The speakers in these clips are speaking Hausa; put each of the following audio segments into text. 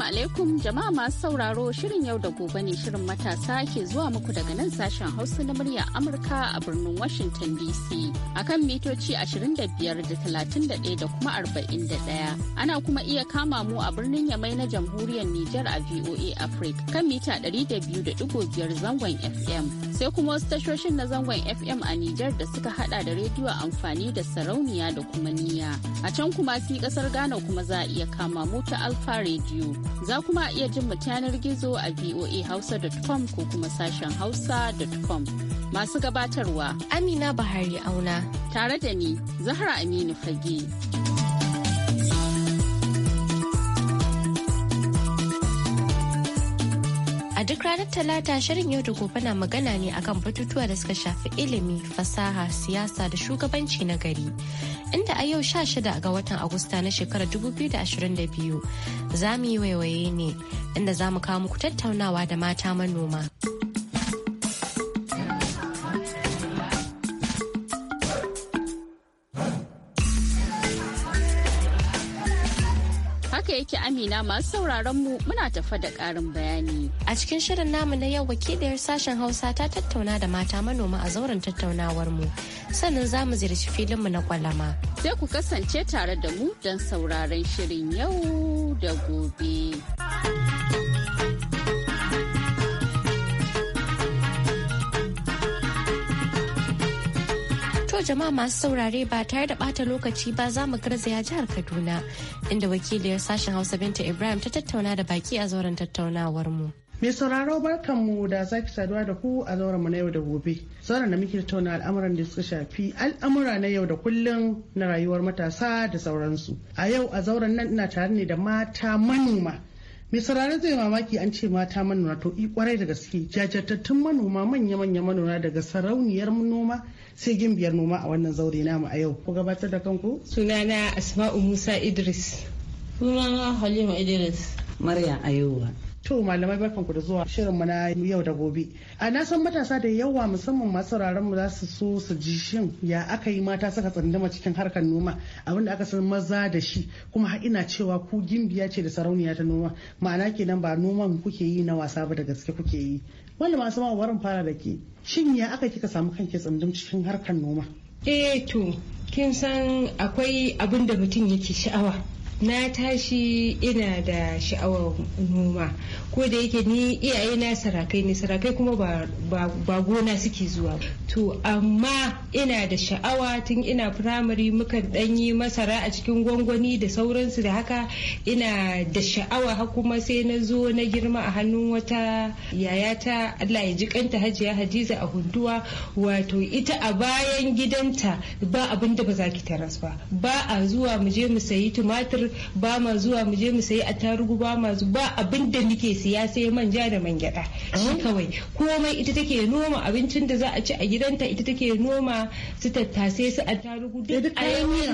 Assalamu alaikum jama'a masu sauraro shirin yau da gobe ne shirin matasa ke zuwa muku daga nan sashen Hausa na murya Amurka a birnin Washington DC akan mitoci 25 da 31 da kuma 41. Ana kuma iya kama mu a birnin Yamai na jamhuriyar Nijar a VOA Africa kan mita 200.5 zangon FM. sai kuma wasu tashoshin na zangon FM a Nijar da suka hada da rediyo amfani da sarauniya da kuma niya. A can kuma si kasar Ghana kuma za a iya kama mota Alfa Radio. Za kuma iya jin mu yanar gizo a voa hausa com ko kuma sashen hausa hausa.com. Masu gabatarwa Amina Bahari Auna. Tare da ni Zahra Aminu Fage. duk ranar talata shirin yau da gobe na magana ne akan batutuwa da suka shafi ilimi fasaha siyasa da shugabanci na gari inda a yau 16 ga watan agusta na shekarar 2022 za mu yi waiwaye ne inda za mu kawo muku tattaunawa da mata manoma. yake Amina masu sauraron mu muna tafa da ƙarin bayani. A cikin shirin namu na yau wakiliyar sashen Hausa ta tattauna da mata manoma a zauren tattaunawar mu. Sannan za mu ziyarci mu na kwalama. Sai ku kasance tare da mu don sauraron shirin yau da gobe. To jama'a masu saurare ba tare da bata lokaci ba za mu garzaya jihar Kaduna inda wakiliyar sashen Hausa Binta Ibrahim ta tattauna da baki a zauren tattaunawar mu. Mai sauraro barkanmu da zaki saduwa da ku a zauren mu na yau da gobe. Zauren da muke tattauna al'amuran da suka shafi al'amura na yau da kullum na rayuwar matasa da sauransu. A yau a zauren nan ina tare ne da mata manoma. Mai sauraro zai mamaki an ce mata manoma to i kwarai da gaske jajirtattun manoma manya-manya manoma daga sarauniyar noma sai biyar noma a wannan zaure namu a yau ku gabatar da kanku sunana asma'u musa idris sunana halima idris maryam ayuwa To malamai barkanku da zuwa shirinmu na yau da gobe. A na san matasa da yawa musamman masu mu za su so su ji shin ya aka yi mata saka tsandama cikin harkar noma abin da aka san maza da shi kuma har ina cewa ku gimbiya ce da sarauniya ta noma ma'ana kenan ba noman kuke yi na wasa ba da gaske kuke yi. wanda masu ma warin fara da ke shin ya aka kika samu kanki tsundum cikin harkar noma eh to kin san akwai abin da mutum yake sha'awa na tashi ina da sha'awar noma ko da yake ni iyaye na sarakai ne sarakai kuma ba gona suke zuwa to amma ina da sha'awa tun ina firamare mukan ɗanyi masara a cikin gwangwani da sauransu da haka ina da sha'awa kuma sai na zo na girma a hannun wata yayata allah ya ji kanta hajiya hadiza a hunduwa wato ita a bayan gidanta ba abinda da ba za ki taras ba ba a zuwa mu je mu sayi tumatir ba ma zuwa mu je mu sayi attarugu ba ma ba abin da muke siya sai manja da man gyada shi kawai komai ita take noma abincin da za a ci a gidanta ita take noma su tattase su attarugu duk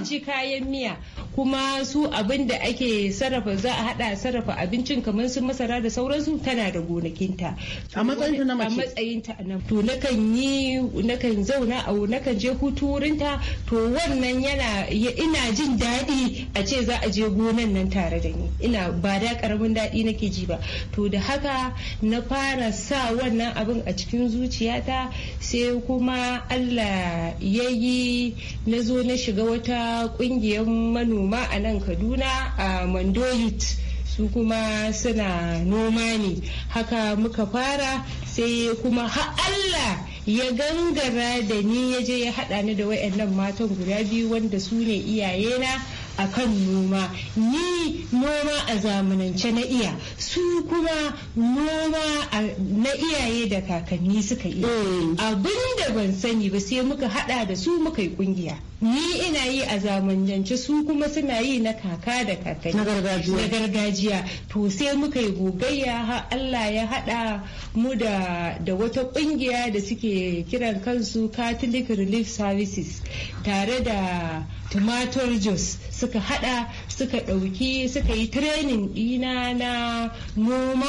ci kayan miya kuma su abin da ake sarrafa za a hada sarrafa abincin kamar su masara da sauransu tana da gonakinta a matsayinta na mace a matsayinta na to nakan yi nakan zauna a nakan je hutu wurinta to wannan yana ina jin daɗi a ce za a je je gonan nan tare da ni ina ba da karamin daɗi nake ji ba to da haka na fara sa wannan abin a cikin zuciyata sai kuma allah ya yi na zo na shiga wata ƙungiyar manoma a nan kaduna a mandoyit su kuma suna noma ne haka muka fara sai kuma ha allah ya gangara da ni ya je ya haɗa ni da wayannan matan guda biyu wanda su ne iyayena a kan noma ni noma a zamanance na iya su kuma noma na iyaye da kakanni suka yi mm. abin da ban sani ba sai muka hada da su muka yi kungiya ni ina yi a zamanjance su kuma suna yi na kaka da kakanni na gargajiya to sai muka yi gogayya har Allah ya hada mu da da wata kungiya da suke kiran kansu Catholic Relief Services tare da tomato Jos suka hada suka ɗauki suka yi training ɗina na noma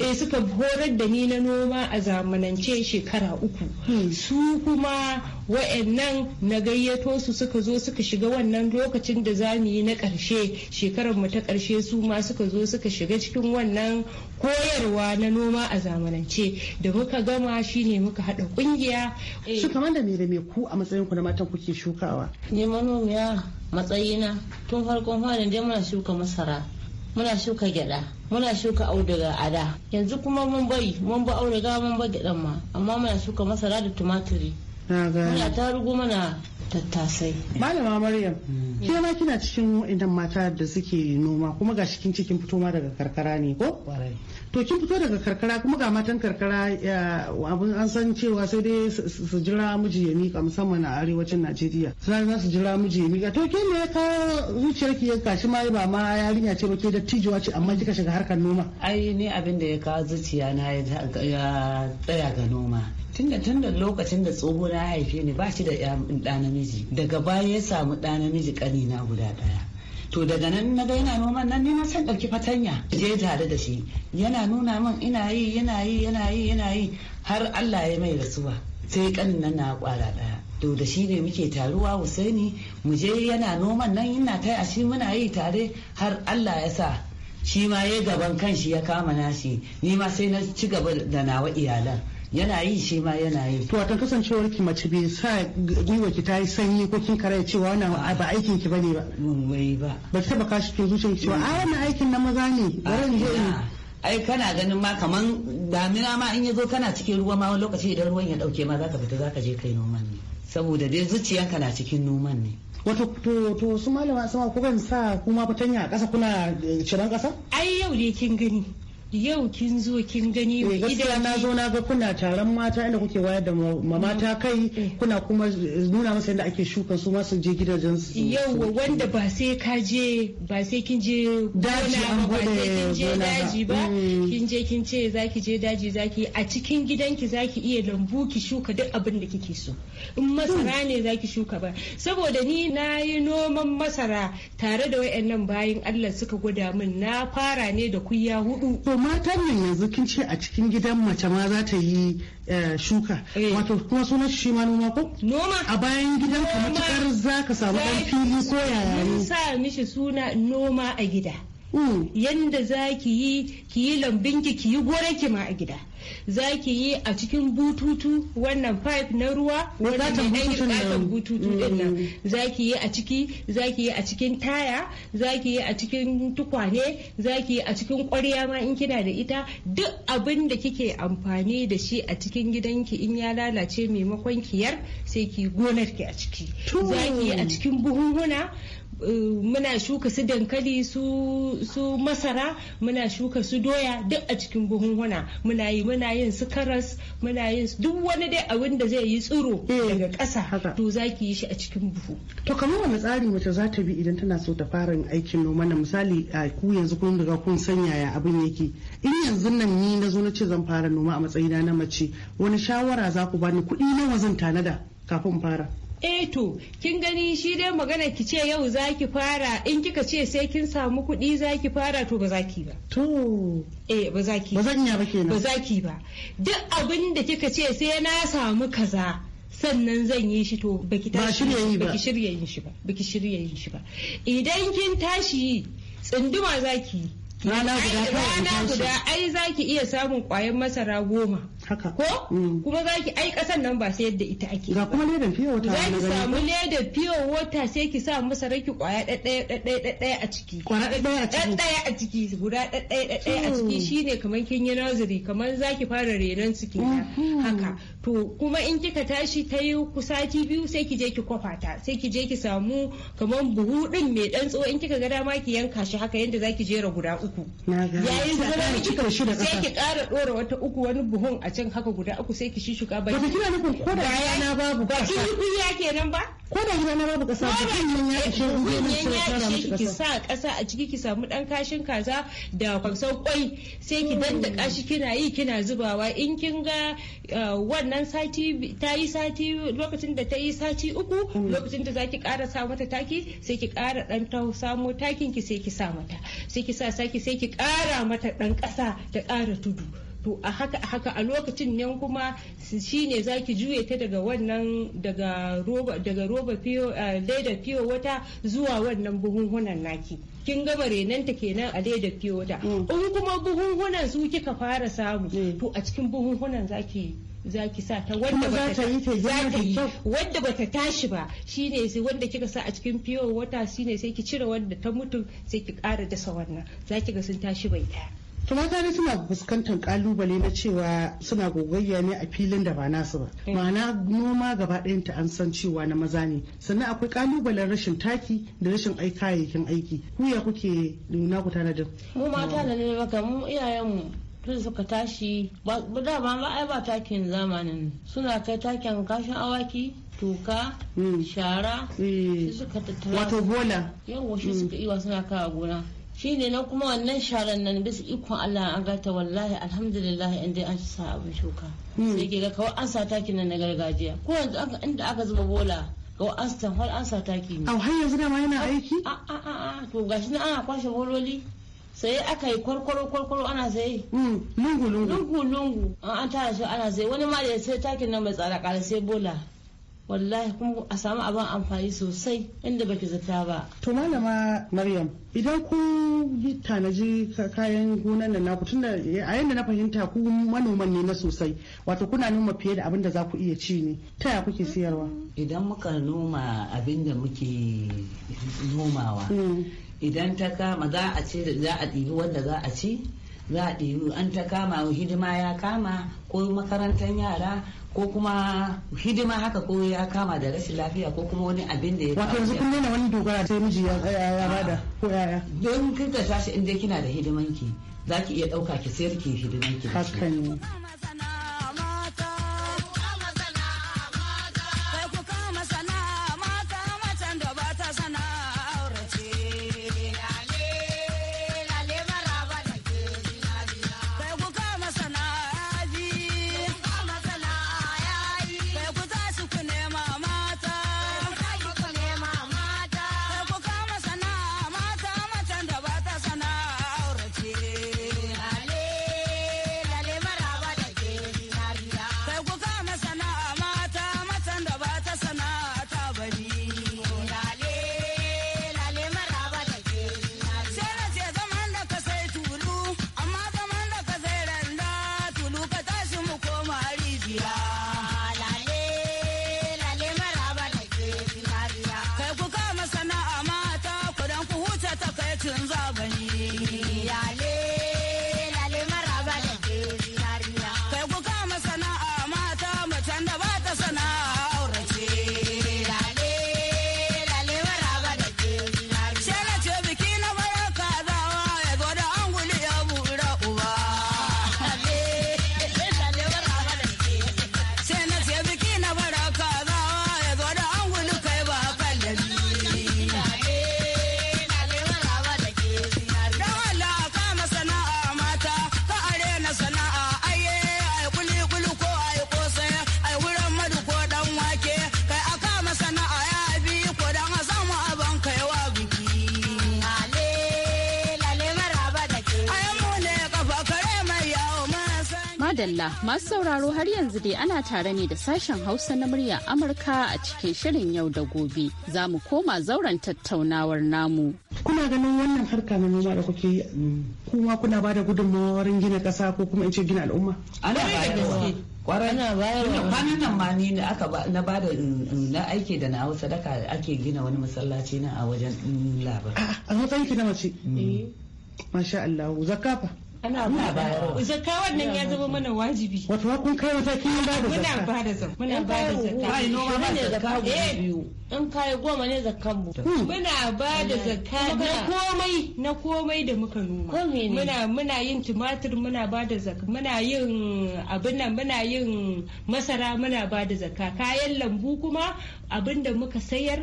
eh suka horar da ni na noma a zamanance shekara uku hmm. su kuma wa'annan na gayyato su suka zo suka shiga wannan lokacin da za mu yi na ƙarshe shekarar mu ta ƙarshe su ma suka zo suka shiga cikin wannan koyarwa na noma a zamanance da muka gama shine muka haɗa ƙungiya. Eh. Shi kamar da me da me ku a matsayin ku na matan kuke shukawa? Ni manomiya matsayina tun farkon farin dai muna shuka masara muna shuka gyada muna shuka auduga a da yanzu kuma mun bai mun ba auduga mun ba gyadan ma amma muna shuka masara da tumatiri. na ta rugu mana tattasai malama maryam mm. ke ma kina cikin wadannan mata da suke noma kuma ga cikin cikin fito ma daga karkara ne ko to kin fito daga karkara kuma ga matan karkara abin an san cewa sai dai su jira miji ya mika musamman a arewacin najeriya sai za su jira miji ya mika to ke me ka zuciyar ki ya kashi ma ba ma yarinya ce ba ke da tijuwa ce amma kika shiga harkar noma ai ni abin da ya kawo zuciya na ya tsaya ga noma tunda tunda lokacin da tsoho na haife ni ba shi da ɗa namiji daga baya ya samu ɗa namiji ƙanina guda ɗaya to daga nan na ga yana noman nan ne na san ɗauki fatanya je tare da shi yana nuna min ina yi yana yi yana yi yana yi har Allah ya mai rasuwa sai kanin nan na kwara ɗaya to da shi ne muke taruwa Husaini mu je yana noman nan ina ta shi muna yi tare har Allah ya sa shi ma ya gaban kanshi ya kama nashi ni ma sai na ci gaba da nawa iyalan yana yi shi ma yana yi to watan kasancewar ki mace bai sa gwiwa ki ta yi sanyi ko kin karaya cewa wannan ba aikin ki bane ba wai mm, ba ba ta baka shi kin zuciyar cewa a ah, wannan aikin na maza ne bari je ai kana ganin ma kaman damina ma in yazo kana cikin ruwa ma wani lokaci idan ruwan ya dauke ma zaka fita zaka je kai noman ne saboda dai zuciyanka na cikin noman ne wato to to su malama sama kukan sa kuma fatanya a kasa kuna ciran kasa ai yau ne kin gani yau kin zo kin gani eh, mai Gaskiya na zo na ga kuna taron mata inda kuke wayar da mata mm. kai eh. kuna kuma nuna masa yadda ake shuka su ma su je gidajen su yau wanda ba sai ka je ba sai kin je daji an gode daji ba mm. kin je kin ce zaki je daji zaki a cikin gidanki zaki iya lambu ki shuka duk abin da kike so in masara mm. ne zaki shuka ba saboda ni na yi noman masara tare da wayannan bayin Allah suka gwada min na fara ne da kuya hudu mata matan nan yanzu kin ce a cikin gidan mace ma za ta yi eh, shuka eh. wato kuma sunan shi ma noma ko noma a bayan gidan ka matukar za ka samu dan fili ko yaya ne sa mishi suna noma a gida yanda za ki yi ki yi lambinki ki yi gore ki ma a gida za ki yi a cikin bututu wannan pipe na ruwa wannan bukatan bututu din nan mm. za ki yi a ciki za ki yi a cikin taya za ki yi a cikin tukwane za ki yi a cikin kwarya ma in kina da ita duk abin da kike amfani da shi a cikin gidanki in ya lalace maimakon kiyar sai ki gonar ki a ciki za ki yi a cikin buhunhuna muna shuka su dankali su masara muna shuka su doya duk a cikin buhunhuna muna yi muna yin su karas muna yin su duk wani dai abin da zai yi tsiro hmm. daga ƙasa to za ki yi shi a cikin buhu to kamar wani tsari mace za ta bi idan tana so ta fara aikin noma na misali a ku yanzu kun daga kun sanya ya abin yake in yanzu nan ni na zo na ce zan fara noma a matsayina na mace wani shawara za ku bani kuɗi nawa zan tanada kafin fara Eto eh to kin gani shi dai magana ki ce yau zaki fara in kika ce sai kin samu kuɗi zaki fara to ba za ki ba to eh ba zaki ba zan ba kenan ba zaki ba duk abin da kika ce sai na samu kaza sannan zan yi shi to baki tashi baki shirya yin shi ba baki shirya yin shi ba idan kin tashi za zaki rana guda ai ki iya samun kwayan masara goma haka ko mm. kuma ki ai kasan nan ba sai yadda ita ake ga kuma ledan fiyo wata Za ki samu ledan fiyo wata sai ki sa masa raki kwaya ɗaɗɗaya daddaya a ciki kwaya daddaya a ciki ɗaɗɗaya a ciki guda ɗaɗɗaya ɗaɗɗaya a ciki shine kamar kin yi nazari kamar za ki fara renon ciki haka to kuma in kika tashi ta yi sati biyu sai ki je ki kwafa ta sai ki je ki samu kamar buhu din mai dan tsawo in kika ga dama ki yanka shi haka yadda za ki jera guda uku yayin zama sai ki kara dora wata uku wani buhun a can haka guda uku sai ki shishuka ba ki kina nufin ko da yana babu ba kin yi kuya kenan ba ko da yana babu kasa ba kin yin ya ce ki sa kasa a ciki ki samu dan kashin kaza da kwansau kwai sai ki daddaka shi kina yi kina zubawa in kin ga uh, wannan sati ta yi sati lokacin da ta yi sati uku mm. lokacin da zaki kara sa mata taki sai ki kara dan ta samu takin ki sai ki sa mata sai ki sa saki sai ki kara mata dan kasa ta kara tudu to a haka a haka a lokacin nan kuma shine ki juye ta daga wannan daga roba daga roba fiyo eh, leda fiyo wata zuwa wannan buhunhunan naki kin gama renanta kenan a leda fiyo wata mm. in kuma buhunhunan su kika fara samu mm. to a cikin buhunhunan zaki za ki sa ta wanda ba ta yi wanda ba ta tashi ba shine sai wanda kika sa a cikin fiyo wata shine sai ki cire wanda ta mutu sai ki ƙara dasa wannan za ki ga sun tashi bai ɗaya to mata ne suna fuskantar kalubale na cewa suna gogayya ne a filin da ba nasu ba eh. ma'ana noma gaba ɗayan ta an san cewa na maza ne sannan akwai kalubalen rashin taki da rashin ai kayayyakin aiki ku ya kuke nuna ku tanadin mu mata da ne maka mu iyayen mu tun suka tashi ba da ba ma ai ba takin zamanin suna kai takin kashin awaki tuka hmm. shara eh. wato bola yawon shi suka hmm. iwa suna kawo gona shine na kuma wannan sharan nan bisa ikon Allah an gata wallahi alhamdulillah in dai an sa abin shuka hmm. sai ke ga kawai an sa taki nan na gargajiya ko yanzu inda aka zuba bola ga Aston Hall an sa taki ne. Au har yanzu dama yana aiki? A a a to gashi na ana kwashe bololi sai aka yi kwarkwaro kwarkwaro ana sai hmm, Lungu lungu. Lungu lungu an tara shi ana sai wani ma da sai takin nan mai tsara kala sai bola. wallahi kuma a samu abin amfani sosai inda baki zata ba. To malama Maryam idan ku tanaji kayan gonan nan naku tunda a yanda na fahimta ku manoman ne na sosai wato kuna noma fiye da abin da za ku iya ci ne ta ya kuke siyarwa. Idan muka noma abin da muke nomawa mm. idan ta kama za a ce za a ɗibi wanda za a ci za a ɗibi an ta kama hidima ya kama ko makarantar yara ko kuma hidima haka ko ya kama da rashin lafiya ko kuma wani abin da ya wato yanzu kun nuna wani dogara sai miji ya ya bada ko yaya don kinka tashi inda kina da hidimanki zaki iya dauka ki sayar ki hidimanki haka ne Dale. Allah masu sauraro har yanzu dai ana tare ne da sashen hausa na murya amurka a cikin shirin yau da gobe za mu koma zauren tattaunawar namu kuna ganin wannan harka na noma da kuke mm, kuma kuna ba da gudunmawar gina kasa ko kuma in ce gina al'umma ana kwarai na bayarwa kwanan nan ma ni aka na bada mm, mm, na aiki da na hausa daga ake gina wani masallaci na a wajen labar a matsayin ki na mace masha Allah zakafa ana bayarwa zakka wannan ya zama mana wajibi wato kun kai mataki mun bada zakka muna bada zakka muna bada zakka ai noma ba da zakka biyu eh, in kai goma ne zakkan mu hmm. muna bada zakka na komai na komai da muka noma muna muna yin tumatir muna ba da zakka muna yin abin nan muna yin masara muna ba da zakka kayan lambu kuma abin da muka sayar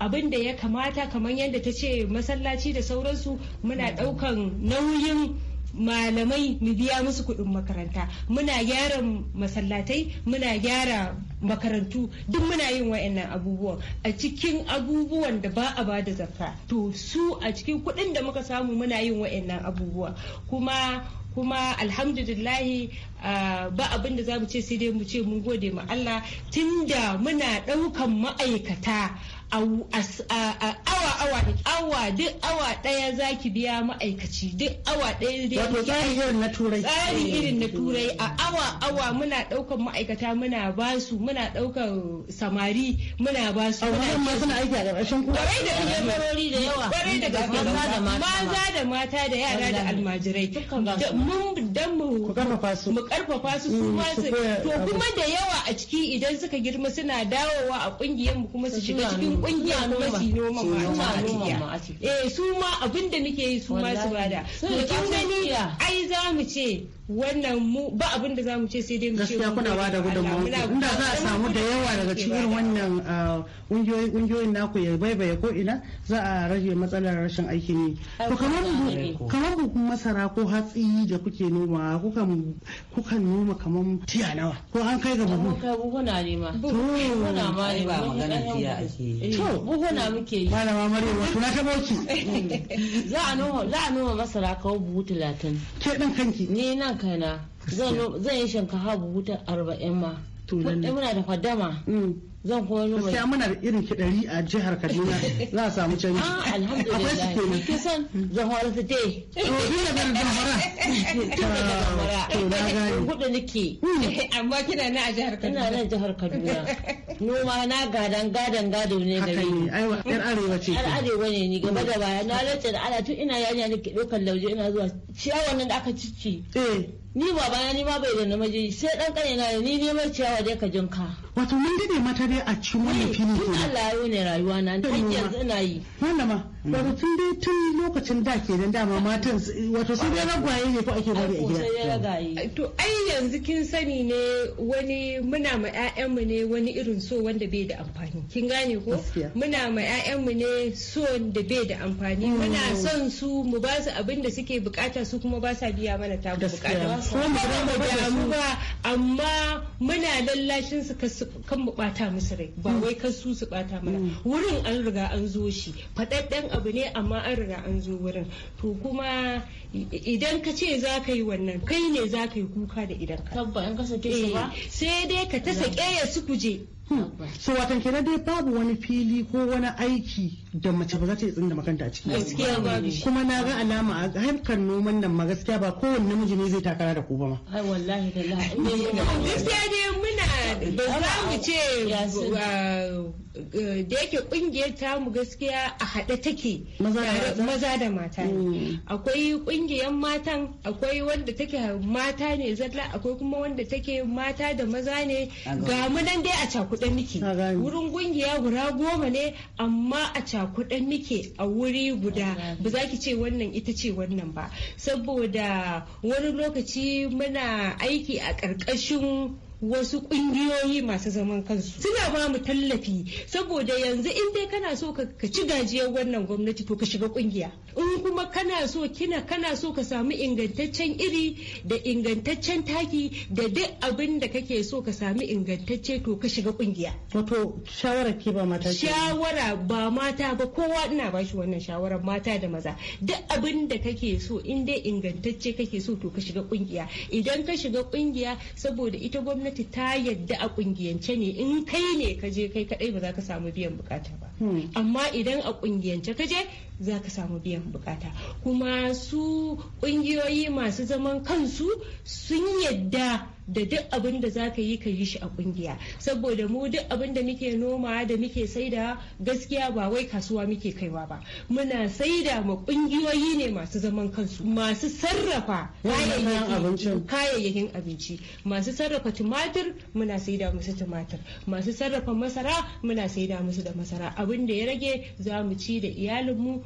abin da ya kamata kamar yadda ta ce masallaci da sauransu muna daukan hmm. nauyin malamai mu biya musu kuɗin makaranta muna gyara masallatai muna gyara makarantu duk muna yin wa'annan abubuwan a cikin abubuwan da ba a bada zakka to su a cikin kuɗin da muka samu muna yin wa'annan abubuwa kuma kuma alhamdulillahi ba abin da za mu ce sai dai mu ce mun gode ma Allah tunda muna ɗaukan ma'aikata awa awa awa duk awa daya zaki biya ma'aikaci duk awa daya wato tsari irin na turai tsari irin na eh. turai a awa awa muna daukan ma'aikata muna basu muna daukan samari muna basu muna suna aiki a karshen kuma kwarai da ɓangarori da yawa kwarai da gaske maza da mata da yara da almajirai mun dan mu karfafa su mu karfafa su su mm, ma su to kuma da yawa a ciki idan suka girma suna dawowa a kungiyar mu kuma su shiga cikin kungiya noma shi noman ma a ciki eh su ma abin da muke yi su ma su bada to kin gani ai za mu ce wannan mu ba abin da zamu ce sai dai mu ce gaskiya kuna ba da gudunmawa inda za a samu da yawa daga cikin wannan uh, ungiyoyin naku ya baibaye ko ina za a rage matsalar rashin aikin yi to kamar kamar bukun masara ko hatsi da kuke noma kukan kukan noma kamar tiya nawa ko an kai ga buhu kai buhuna ne ma buhuna ma ne ba magana tiya ake eh, to buhuna muke yi malama maryam wato na ta bauki za a noma za a noma masara ko buhu 30 ke dan kanki ni nan kaina zan yi shinkafa buhu ta arba'in ma kuɗi muna da kwadama mm. zan kuma nuna gaskiya muna da irin kiɗari a jihar kaduna za a samu canji ah, akwai su kenan ke san zahora su te to da bar zahora to na gani kuɗi nake mm. amma kina na a jihar kaduna ina na jihar kaduna noma na gadan gadan gado ne gare ni yar arewa ce yar arewa ne ni gaba mm. da baya na lace da ana tun ina yarinya ke ɗaukar lauje ina zuwa ciyawan nan da aka cici eh. ni babana ni ma bai da namiji sai dan kare na ni mai ciyawa dai ka jinka wato mun dade mata dai a cikin wannan filin tun Allah ya ne rayuwa na dan yanzu ina yi malama wato tun dai tun lokacin da ke dan dama matan wato sun dai ragwaye ne ko ake bari a gida to ai yanzu kin sani ne wani muna ma ƴaƴan mu ne wani irin so wanda bai da amfani kin gane ko muna ma ƴaƴan mu ne so da bai da amfani muna mm. son su mu ba su abin da suke bukata su kuma ba sa biya mana ta bukata su ba amma muna lallashin su kan mu bata musu rai ba mm. wai kan su su bata mana mm. wurin an riga an zo shi faɗaɗɗen abu ne amma an riga an zo wurin to kuma idan ka ce za ka yi wannan kai ne za ka yi kuka da idan ka tabba ka sake shi ba eh, sai dai ka ta mm. sake ya su kuje Hmm. so watan kenan dai babu wani fili ko wani aiki da mace ba za ta yi tsinda makanta a cikin kuma na ga alama a harkar noman nan ma gaskiya ba kowanne namiji ne zai takara da ku ba ma ai wallahi da gaskiya ba za mu ce uh, uh, da yake kungiyar tamu gaskiya a haɗe take maza da mata mm. akwai kungiyar matan akwai wanda take mata ne zalla akwai kuma wanda take mata da maza ne ga mu nan dai a cakudan nike wurin kungiya guda goma ne amma a cakudan nike a wuri guda ba za ki ce wannan ita ce wannan ba saboda wani lokaci muna aiki a ƙarƙashin wasu kungiyoyi masu zaman kansu suna ba mu tallafi saboda yanzu in dai kana so ka ci gajiyar wannan gwamnati to ka shiga kungiya in kuma kana so kina kana so ka samu ingantaccen iri da ingantaccen taki da duk abin da kake so ka samu ingantacce to ka shiga kungiya wato shawara ke ba mata shawara ba mata ba kowa ina ba shi wannan shawarar mata da maza duk abin da kake so in dai ingantacce kake so to ka shiga kungiya idan ka shiga kungiya saboda ita gwamnati ta yadda a kungiyance ne in kai ne ka je kai kadai ba za ka samu biyan bukata ba hmm. amma idan a kungiyance ka je za ka samu biyan bukata kuma su kungiyoyi masu zaman kansu sun yadda da duk abin da za ka yi ka yi shi a kungiya saboda mu duk abin da muke noma da muke saida gaskiya ba wai kasuwa muke kaiwa ba muna saida ma kungiyoyi ne masu zaman kansu masu sarrafa kayayyakin abinci masu sarrafa tumatir muna saida musu tumatir masu sarrafa masara muna saida musu da masara abin da ya rage za mu ci da iyalinmu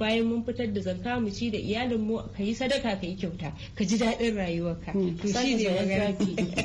bayan mun fitar da zakka mu ci da iyalin mu ka yi sadaka ka yi kyauta ka ji daɗin rayuwarka hmm. to shi ne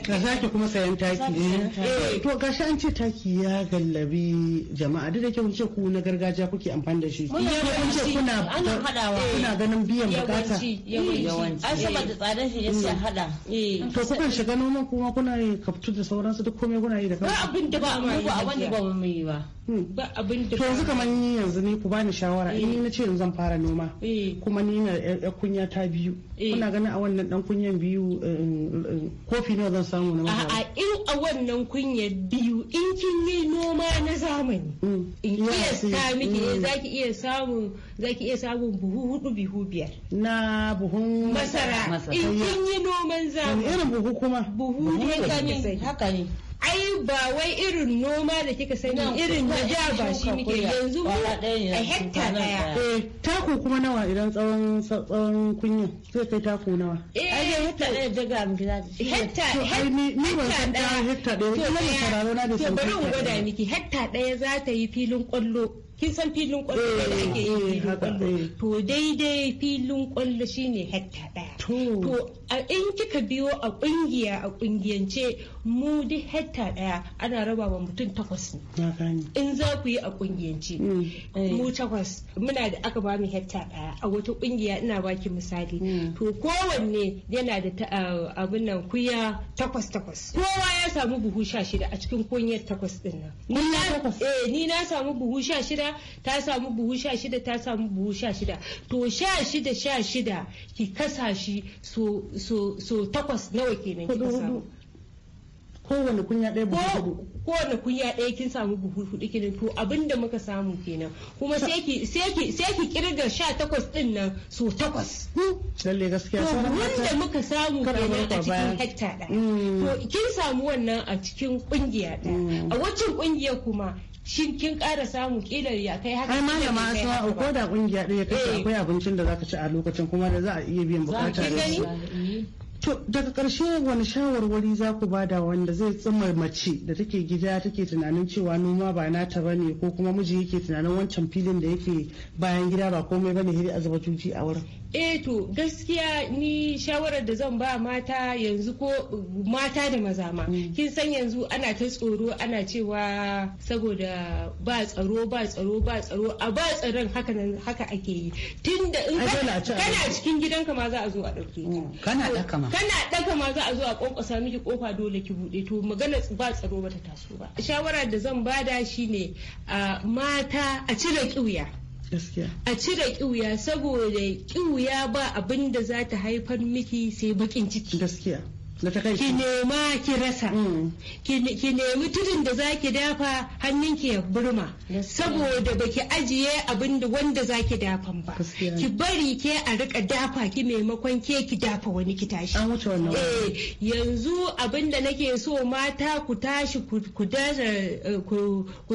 ka sake kuma sayan taki eh. Eh, to gashi an ce taki ya gallabi jama'a duk da kyau ce ku na gargajiya kuke amfani da shi kuna eh, kuna ganin biyan bukata yawanci an da tsadar shi ya sa hada to kukan shiga noma kuma kuna yi kaftu da sauransu duk komai kuna yi da kanku ba abin da ba mu ba ba mu yi ba hmm. ba abin da to yanzu kamar yanzu ne ku bani shawara in na ce yanzu zan fara noma eh. kuma ni na yar kunya ta biyu kuna eh. ganin a wannan dan kunyan biyu eh, kofi nawa zan samu na masara a in a wannan kunya biyu in kin yi noma na zamani mm. in iya kiyasta miki mm. zaki iya samu zaki iya samu buhu hudu bihu biyar na buhun masara in kin yi noman zamani irin buhu kuma buhu ne haka ne ai ba wai irin noma da kika sani irin na ja ba shi muke yanzu mu a hekta daya eh, taku kuma nawa idan tsawon tsawon kunya sai kai taku nawa eh ai hekta daya daga mu gida hekta hekta ni ban san ta hekta daya kuma ne kararo na da san to bari mu gwada miki hekta daya za ta yi filin kwallo kin san filin kwallo da eh, ake yi eh, filin kwallo to daidai filin kwallo shine hekta daya to a in kika biyo a kungiya a kungiyance mu da hekta daya ana raba wa mutum takwas ne in za ku yi a kungiyance mm. eh, mu takwas muna da aka ba mu hekta daya a wata kungiya ina baki misali mm. to kowanne yana da abin nan kuya takwas takwas kowa ya samu buhu sha shida a cikin kunyar takwas din nan ni na samu buhu sha shida ta samu buhu sha shida ta samu buhu sha shida to sha shida sha shida ki kasa shi so takwas nawa kenan ki samu kowane kunya ɗaya buhu hudu kowane kunya ɗaya kin samu buhu hudu kenan to abin da muka samu kenan kuma sai ki kirga sha takwas ɗin nan so takwas hmm. lalle gaskiya to da muka samu kenan a cikin hekta ɗaya hmm. to kin samu wannan a cikin kungiya ɗaya hmm. a waccan kungiyar kuma shin kin kara samu ƙilar ya kai haka kai malama asma ko da kungiya ɗaya kai eh. akwai abincin da zaka ci a lokacin kuma da za a iya biyan bukata da su eh. To daga ƙarshe wani shawarwari za ku bada wanda zai tsima mace da take gida take tunanin cewa noma ba nata ba ne ko kuma miji yake tunanin wancan filin da yake bayan gida ba komai ba ne a zuba juji a wurin. Eto eh to gaskiya ni shawarar da zan ba mata yanzu ko mata da maza ma mm. kin san yanzu ana ta tsoro ana cewa saboda ba tsaro ba tsaro ba tsaro a ba tsaron haka nan haka ake yi tunda in kana cikin gidanka ma za a zo a dauke ka mm. kana daka ma kana daka ma za a zo a ƙwanƙwasa miki kofa dole ki bude to magana ba tsaro bata taso ba shawara da zan bada shine mata a cire kiuya a cire kiwuya saboda kiwuya ba abin da za ta haifar miki sai bakin ciki gaskiya ki nema ki rasa mm. ki nemi tudun da za ki dafa hannunki ya burma saboda ba ki ajiye abin da wanda ki dafa ba ki bari ke a rika dafa ki maimakon ke ki dafa wani ki tashi eh, yanzu abin da nake so mata ku tashi ku eh,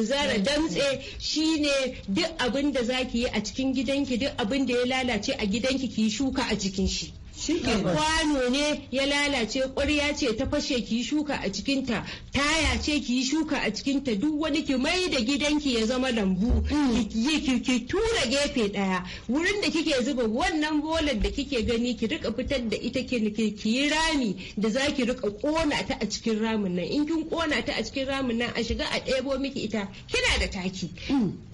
zara mm. damtse shine duk abin da ki yi a cikin gidanki duk abin da ya lalace a gidanki ki shuka a cikin shi kwano ne ya lalace ƙwarya ce ta fashe ki shuka a cikinta taya ce ki shuka a cikinta duk wani ki mai da gidanki ya zama lambu ki tura gefe daya wurin da kike zuba wannan bolar da kike gani ki rika fitar da ita ki yi rami da za ki rika kona ta a cikin ramin nan in kin kona ta a cikin ramin nan a shiga a ɗebo miki ita kina da taki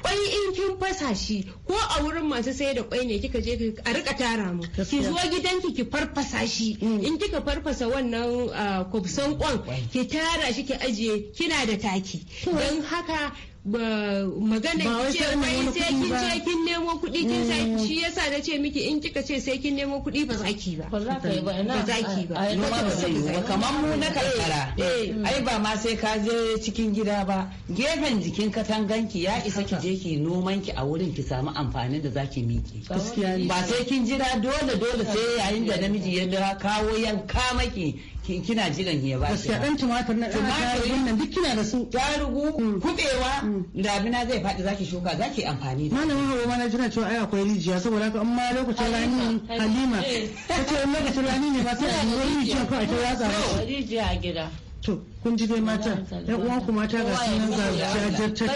kwai mm. in kin fasa shi ko a wurin masu sai da kwai ne kika je a rika tara mu ki zo gidanki ki ki farfasa shi mm. in kika farfasa wannan ah, kubsan kwan ki tara shi ki ajiye kina da taki don haka magana ce sai kin ce kin nemo kuɗi kin sai mm. shi yasa na ce miki in kika ce sai kin nemo kuɗi ba za ki ba ba za ba ba kamar mu na karkara eh, eh, mm. ai ba ma sai ka je cikin gida ba gefen jikin katanganki ya isa ki je ki noman ki a wurin ki samu amfani da zaki miki ba sai kin jira dole dole sai yayin da namiji ya kawo yan kamaki kina jiran ya ba shi dan tumatir na tumatur nan duk kina da su ya tarugu mm. kubewa mm. damina zai faɗi zaki shuka zaki amfani da malamin hawo ma jira cewa ai akwai rijiya saboda ka amma lokacin rani halima kace eh. lokacin rani ne ba sai a yi rijiya ko a ta yatsa rijiya a gida to kun ji dai mata yan uwan ku mata ga sunan ga gaskiya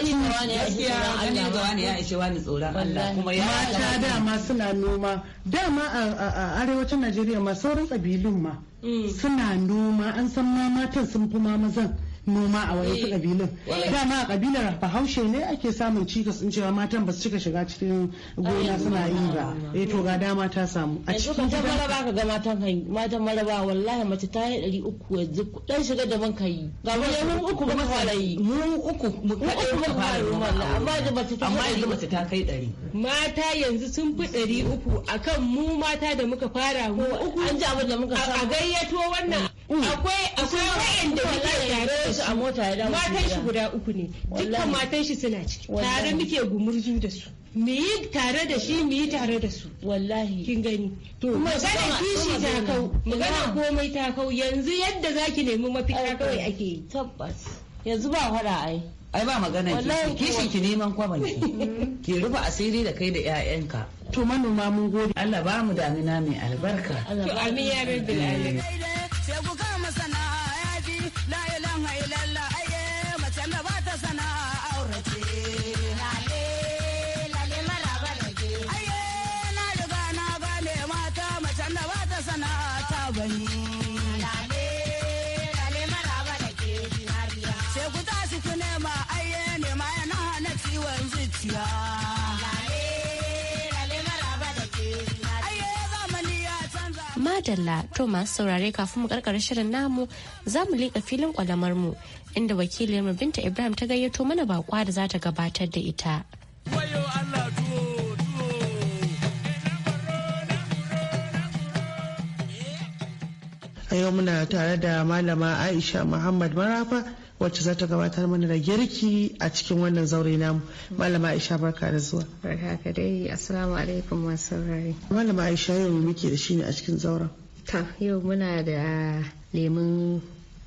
gani wani ya ishe wani tsoron Allah kuma ya mata dama suna noma dama a arewacin Najeriya ma sauran kabilun ma mm. suna noma an san ma matan sun fi ma mazan noma a wani kabilun eh. dama a kabilar bahaushe ne ake samun cikas in cewa matan ba su cika shiga cikin gona suna yi ba eh to ga dama ta samu a cikin ta maraba ka ga matan kai matan maraba wallahi mace ta yi ɗari uku yanzu dan shiga da man kai ga wani mun uku ba fara yi mun uku mu kadai ba fara yi amma da mace ta amma yanzu mace ta kai ɗari mata yanzu sun fi ɗari uku akan mu mata da muka fara mu an ji abin da muka a gayyato wannan akwai akwai wayanda muke su a mota ya dawo matan shi guda uku ne dukkan matan shi suna ciki tare muke gumurzu da su mu yi tare da shi mu yi tare da su wallahi kin gani to magana kishi ta kau magana komai ta kau yanzu yadda zaki nemi mafita kawai ake yi tabbas yanzu ba fara ai ai ba magana ki kishin ki neman kwaban ki mm-hmm. ki rufe asiri da kai da ƴaƴanka to manoma mun gode Allah ba mu damina mai albarka to amin ya rabbil alamin madalla to masu saurare kafin mu karkar shirin namu za mu liƙa filin kwalamar mu inda wakilin binta ibrahim ta gayyato mana bakwa da za ta gabatar da ita a yau muna tare da malama aisha muhammad marafa wacce za ta gabatar mana da girki a cikin wannan zaure namu malama aisha barka da zuwa barka ka dai assalamu alaikum masu rari malama aisha yau muke da shi ne a cikin zauren ta yau muna da lemun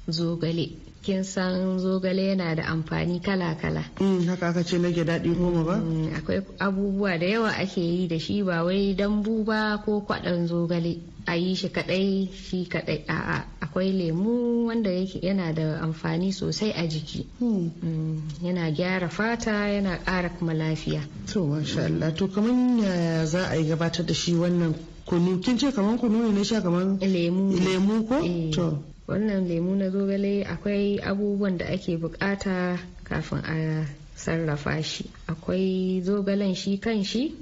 zogale kin san zogale yana da amfani kala-kala. Mm, haka aka ce nake daɗi goma ba? Mm, akwai abubuwa da yawa ake yi da shi ba wai dambu ba ko kwaɗon zogale a yi shi kaɗai shi kaɗai a'a akwai lemu wanda yake yana da amfani sosai a jiki mm. yana gyara fata yana ƙara kuma lafiya. to masha Allah to kamar yaya za a yi gabatar da shi wannan kunu kin ce kamar kunu ne sha kamar lemu ko eh. to wannan lemu na zogale akwai abubuwan da ake bukata kafin a sarrafa shi akwai zogalen shi kan shi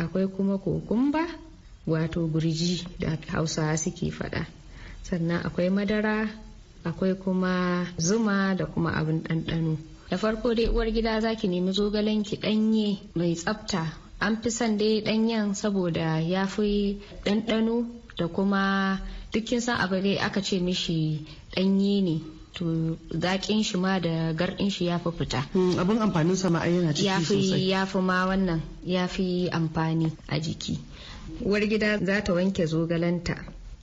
akwai kuma kokumba wato gurji da hausa suke fada sannan akwai madara akwai kuma zuma da kuma abin ɗanɗano da farko dai uwar gida za ki nemi zogalen ki ɗanye mai tsafta an fi son dai ɗanyen saboda ya fi ɗanɗano da kuma duk kin san abu dai aka ce mishi ɗanye ne to zaƙin shi ma da garɗin shi ya fi fita. Hmm, abin amfanin sa ma yana ciki sosai. Ya fi ma wannan ya fi amfani a jiki. Uwar gida za ta wanke zogalanta.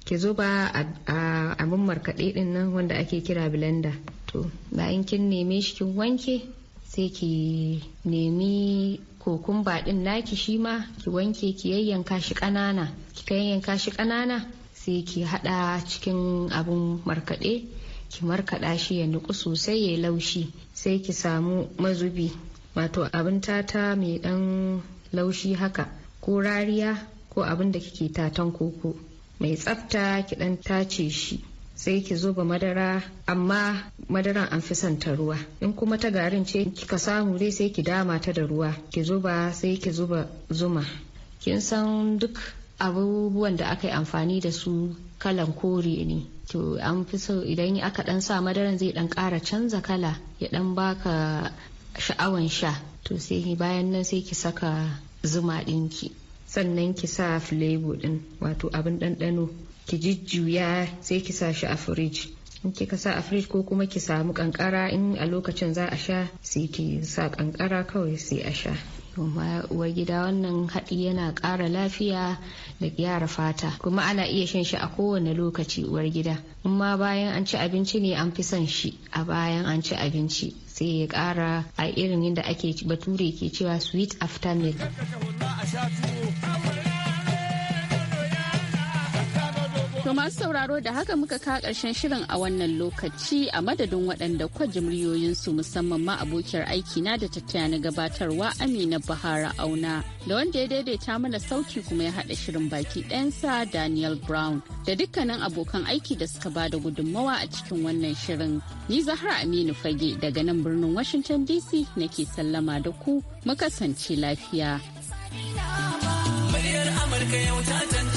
Ki zuba a abin markaɗe ɗin nan wanda ake kira blender. To bayan kin neme shi kin wanke sai ki nemi kokumba din naki shi ma ki wanke ki yayyanka shi kanana ki yayyanka shi kanana sai ki haɗa cikin abun markaɗe ki markaɗa shi ya nuku sosai ya laushi sai ki samu mazubi wato abin tata mai ɗan laushi haka ko rariya ko abin da kike tatan koko mai tsafta ki dan tace shi sai ki zuba madara amma madaran an fi son ta ruwa in kuma ta garin ce kika samu dai sai ki dama ta da ruwa ki zuba sai ki zuba zuma kin san duk abubuwan da aka yi amfani da su kalan kore ne to an fi so idan aka dan sa madaran zai dan kara canza kala ya dan baka sha'awan sha to sai bayan nan sai ki saka zuma dinki sannan ki sa flavor din wato abin ɗanɗano ki jujjuya sai ki sa shi a firij in kika sa a firij ko kuma ki samu kankara in a lokacin za a sha sai ki sa kankara kawai sai a sha uwar gida wannan haɗi yana ƙara lafiya da gyara fata kuma ana iya shan shi a kowane lokaci uwar gida amma bayan an ci abinci ne an fi son shi a bayan an ci abinci sai ya ƙara a irin yadda ake bature ke cewa sweet after milk." To masu sauraro da haka muka ka karshen shirin a wannan lokaci a madadin waɗanda kwaji su musamman ma abokiyar aikina da tattaya na gabatarwa Amina Bahara Auna da wanda ya daidaita mana sauti kuma ya haɗa shirin baki ɗansa Daniel Brown da dukkanin abokan aiki da suka ba da gudunmawa a cikin wannan shirin. Ni Zahra Aminu Fage daga nan birnin Washington DC nake sallama da ku mu kasance lafiya. Muryar Amurka yau ta